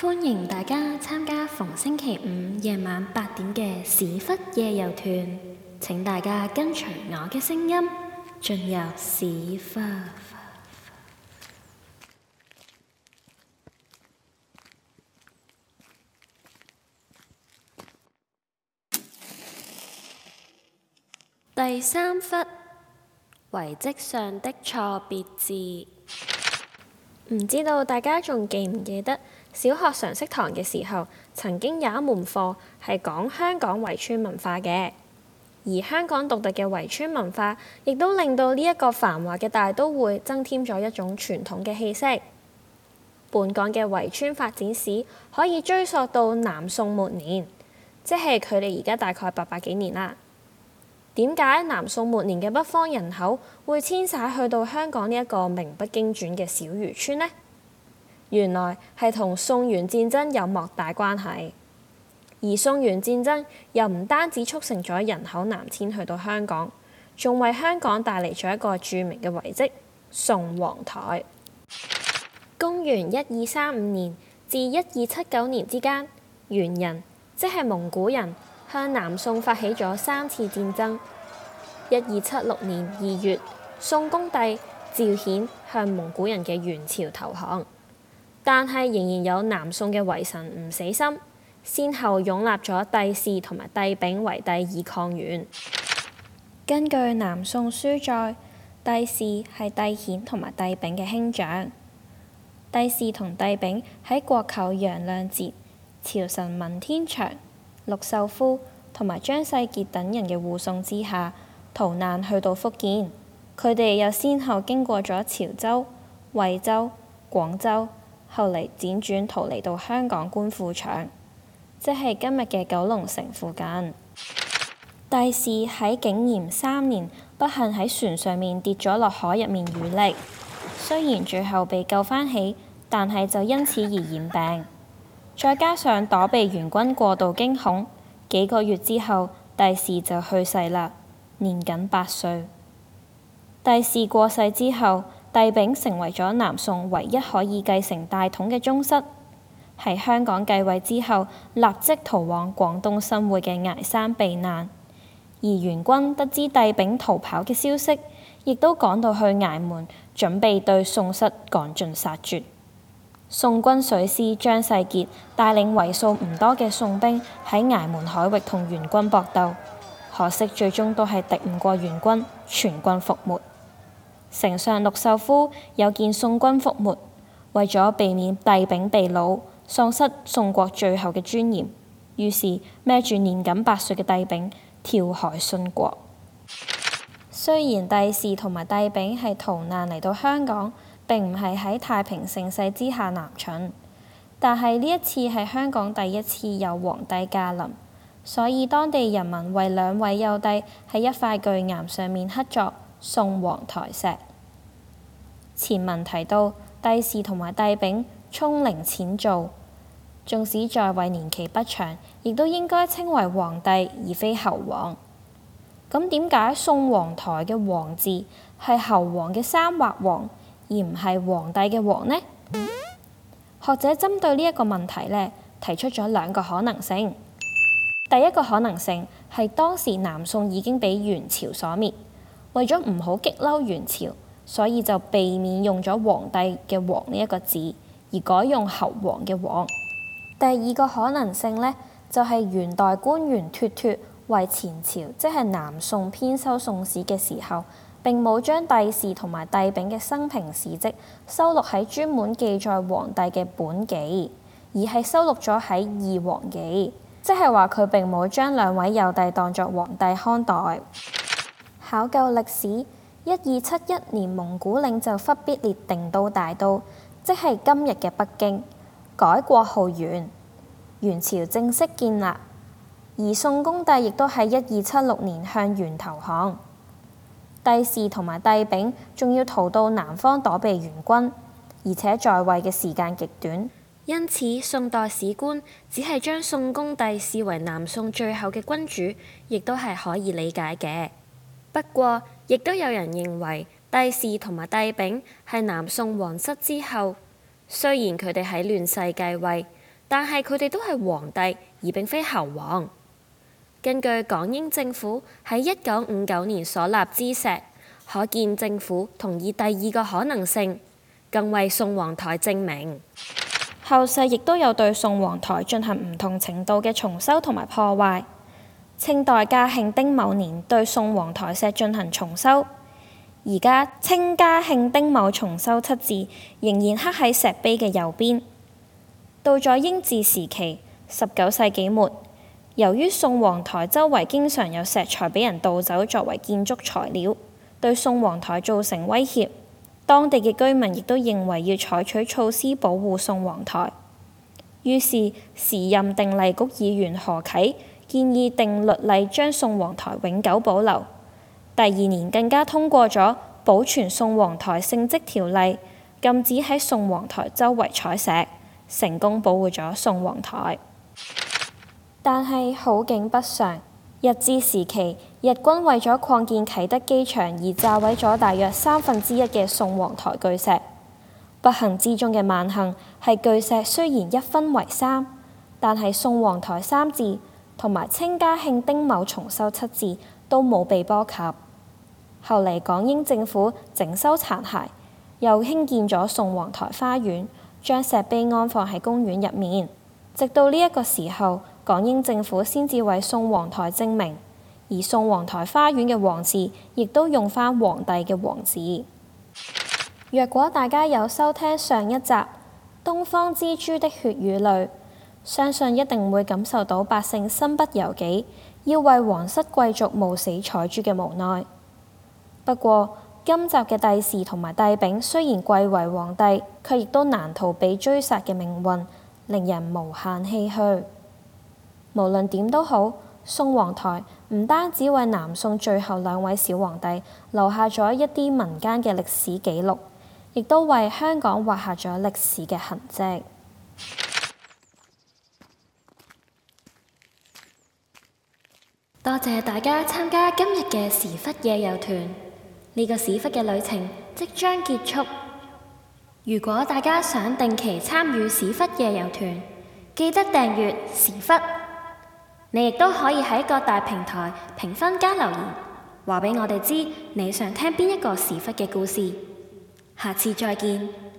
歡迎大家參加逢星期五夜晚八點嘅史窟夜遊團。請大家跟隨我嘅聲音進入史窟。第三窟，遺蹟上的錯別字。唔知道大家仲記唔記得小學常識堂嘅時候，曾經有一門課係講香港圍村文化嘅，而香港獨特嘅圍村文化，亦都令到呢一個繁華嘅大都會增添咗一種傳統嘅氣息。本港嘅圍村發展史可以追溯到南宋末年，即係距離而家大概八百幾年啦。點解南宋末年嘅北方人口會遷徙去到香港呢一個名不經傳嘅小漁村呢？原來係同宋元戰爭有莫大關係，而宋元戰爭又唔單止促成咗人口南遷去到香港，仲為香港帶嚟咗一個著名嘅遺跡——宋皇台。公元一二三五年至一二七九年之間，元人，即係蒙古人，向南宋發起咗三次戰爭。一二七六年二月，宋恭帝趙顯向蒙古人嘅元朝投降，但係仍然有南宋嘅遺臣唔死心，先後擁立咗帝昰同埋帝昺為帝以抗元。根據南宋書載，帝昰係帝顯同埋帝昺嘅兄長。帝昰同帝昺喺國舅楊亮節、朝臣文天祥。陸秀夫同埋張世傑等人嘅護送之下，逃難去到福建，佢哋又先後經過咗潮州、惠州、廣州，後嚟輾轉逃離到香港官富場，即係今日嘅九龍城附近。帝昰喺景炎三年，不幸喺船上面跌咗落海入面遇溺，雖然最後被救返起，但係就因此而染病。再加上躲避元軍過度驚恐，幾個月之後，帝昰就去世啦，年僅八歲。帝昰過世之後，帝昺成為咗南宋唯一可以繼承大統嘅宗室，喺香港繼位之後，立即逃往廣東新會嘅崖山避難。而元軍得知帝昺逃跑嘅消息，亦都趕到去崖門，準備對宋室趕盡殺絕。宋軍水師張世傑帶領為數唔多嘅宋兵喺崖門海域同元軍搏鬥，可惜最終都係敵唔過元軍，全軍覆沒。丞相陸秀夫有見宋軍覆沒，為咗避免帝昺被擄，喪失宋國最後嘅尊嚴，於是孭住年僅八歲嘅帝昺跳海殉國。雖然帝昰同埋帝昺係逃難嚟到香港，並唔係喺太平盛世之下南巡，但係呢一次係香港第一次有皇帝駕臨，所以當地人民為兩位幼帝喺一塊巨岩上面刻作《宋王台石》。前文提到帝昰同埋帝昺聰靈淺造，縱使在位年期不長，亦都應該稱為皇帝而非侯王。咁點解《宋王台》嘅王字係侯王嘅三畫王？而唔係皇帝嘅王呢？學者針對呢一個問題呢，提出咗兩個可能性。第一個可能性係當時南宋已經被元朝所滅，為咗唔好激嬲元朝，所以就避免用咗皇帝嘅王」呢一個字，而改用侯王」嘅王」。第二個可能性呢，就係、是、元代官員脱脱為前朝，即係南宋編修宋史嘅時候。並冇將帝昰同埋帝昺嘅生平事跡收錄喺專門記載皇帝嘅《本紀》，而係收錄咗喺《二王紀》，即係話佢並冇將兩位幼帝當作皇帝看待。考究歷史，一二七一年蒙古領袖忽必烈定都大都，即係今日嘅北京，改國號元，元朝正式建立。而宋恭帝亦都喺一二七六年向元投降。帝昰同埋帝昺，仲要逃到南方躲避元軍，而且在位嘅時間極短，因此宋代史官只係將宋恭帝視為南宋最後嘅君主，亦都係可以理解嘅。不過，亦都有人認為帝昰同埋帝昺係南宋皇室之後，雖然佢哋喺亂世繼位，但係佢哋都係皇帝，而並非侯王。根據港英政府喺一九五九年所立之石，可見政府同意第二個可能性，更為宋皇台證明。後世亦都有對宋皇台進行唔同程度嘅重修同埋破壞。清代嘉慶丁卯年對宋皇台石進行重修，而家清嘉慶丁卯重修七字仍然刻喺石碑嘅右邊。到咗英治時期，十九世紀末。由於宋皇台周圍經常有石材俾人盜走作為建築材料，對宋皇台造成威脅，當地嘅居民亦都認為要採取措施保護宋皇台。於是時任定例局議員何啟建議定律例將宋皇台永久保留。第二年更加通過咗保存宋皇台聖蹟條例，禁止喺宋皇台周圍採石，成功保護咗宋皇台。但係好景不常，日治時期日軍為咗擴建啟德機場，而炸毀咗大約三分之一嘅宋皇台巨石。不幸之中嘅萬幸係巨石雖然一分為三，但係宋皇台三字同埋清嘉慶丁某重修七字都冇被波及。後嚟港英政府整修殘骸，又興建咗宋皇台花園，將石碑安放喺公園入面。直到呢一個時候。港英政府先至為宋皇台正名，而宋皇台花園嘅皇字亦都用返「皇帝」嘅皇字。若果大家有收聽上一集《東方之珠的血與淚》，相信一定會感受到百姓身不由己，要為皇室貴族冒死採珠嘅無奈。不過，今集嘅帝昰同埋帝昺雖然貴為皇帝，卻亦都難逃被追殺嘅命運，令人無限唏噓。無論點都好，宋皇台唔單止為南宋最後兩位小皇帝留下咗一啲民間嘅歷史記錄，亦都為香港畫下咗歷史嘅痕跡。多謝大家參加今日嘅史窟夜遊團，呢、這個史窟嘅旅程即將結束。如果大家想定期參與史窟夜遊團，記得訂閱史窟。你亦都可以喺各大平台評分加留言，話俾我哋知你想聽邊一個史窟嘅故事。下次再見。